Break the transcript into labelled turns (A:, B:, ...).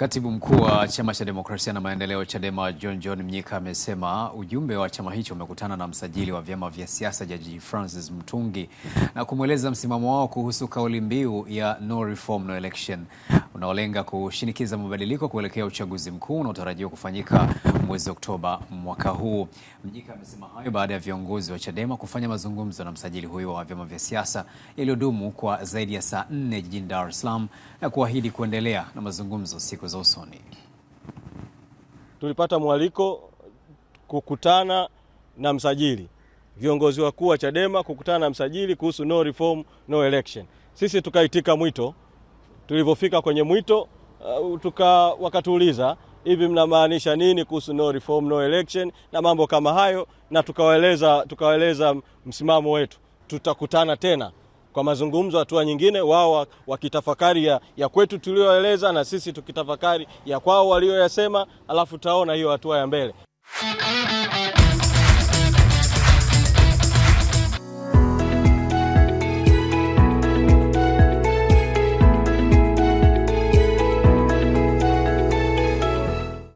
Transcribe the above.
A: Katibu mkuu wa chama cha demokrasia na maendeleo Chadema John John Mnyika amesema ujumbe wa chama hicho umekutana na msajili wa vyama vya siasa Jaji Francis Mtungi na kumweleza msimamo wao kuhusu kauli mbiu ya no reform no election unaolenga kushinikiza mabadiliko kuelekea uchaguzi mkuu unaotarajiwa kufanyika mwezi Oktoba mwaka huu. Mnyika amesema hayo baada ya viongozi wa Chadema kufanya mazungumzo na msajili huyo wa vyama vya siasa yaliyodumu kwa zaidi ya saa nne jijini Dar es Salaam na kuahidi kuendelea na mazungumzo siku za usoni.
B: Tulipata mwaliko kukutana na msajili viongozi wakuu wa Chadema kukutana na msajili kuhusu no reform no election. Sisi tukaitika mwito tulivyofika kwenye mwito uh, tuka wakatuuliza hivi mnamaanisha nini kuhusu no reform no election na mambo kama hayo, na tukawaeleza tukawaeleza msimamo wetu. Tutakutana tena kwa mazungumzo, hatua nyingine, wao wakitafakari ya, ya kwetu tulioeleza na sisi tukitafakari ya kwao walioyasema, alafu taona hiyo hatua ya mbele.